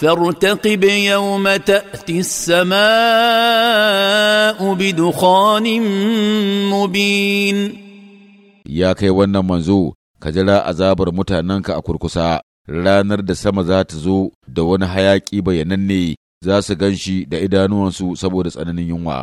فارتقب يوم تاتي السماء بدخان مبين يا kai wannan manzo ka jira azabar mutanenka a kurkusa ranar da sama za ta zo da wani hayaƙi bayananne za su gan shi da idanuwansu saboda tsananin yunwa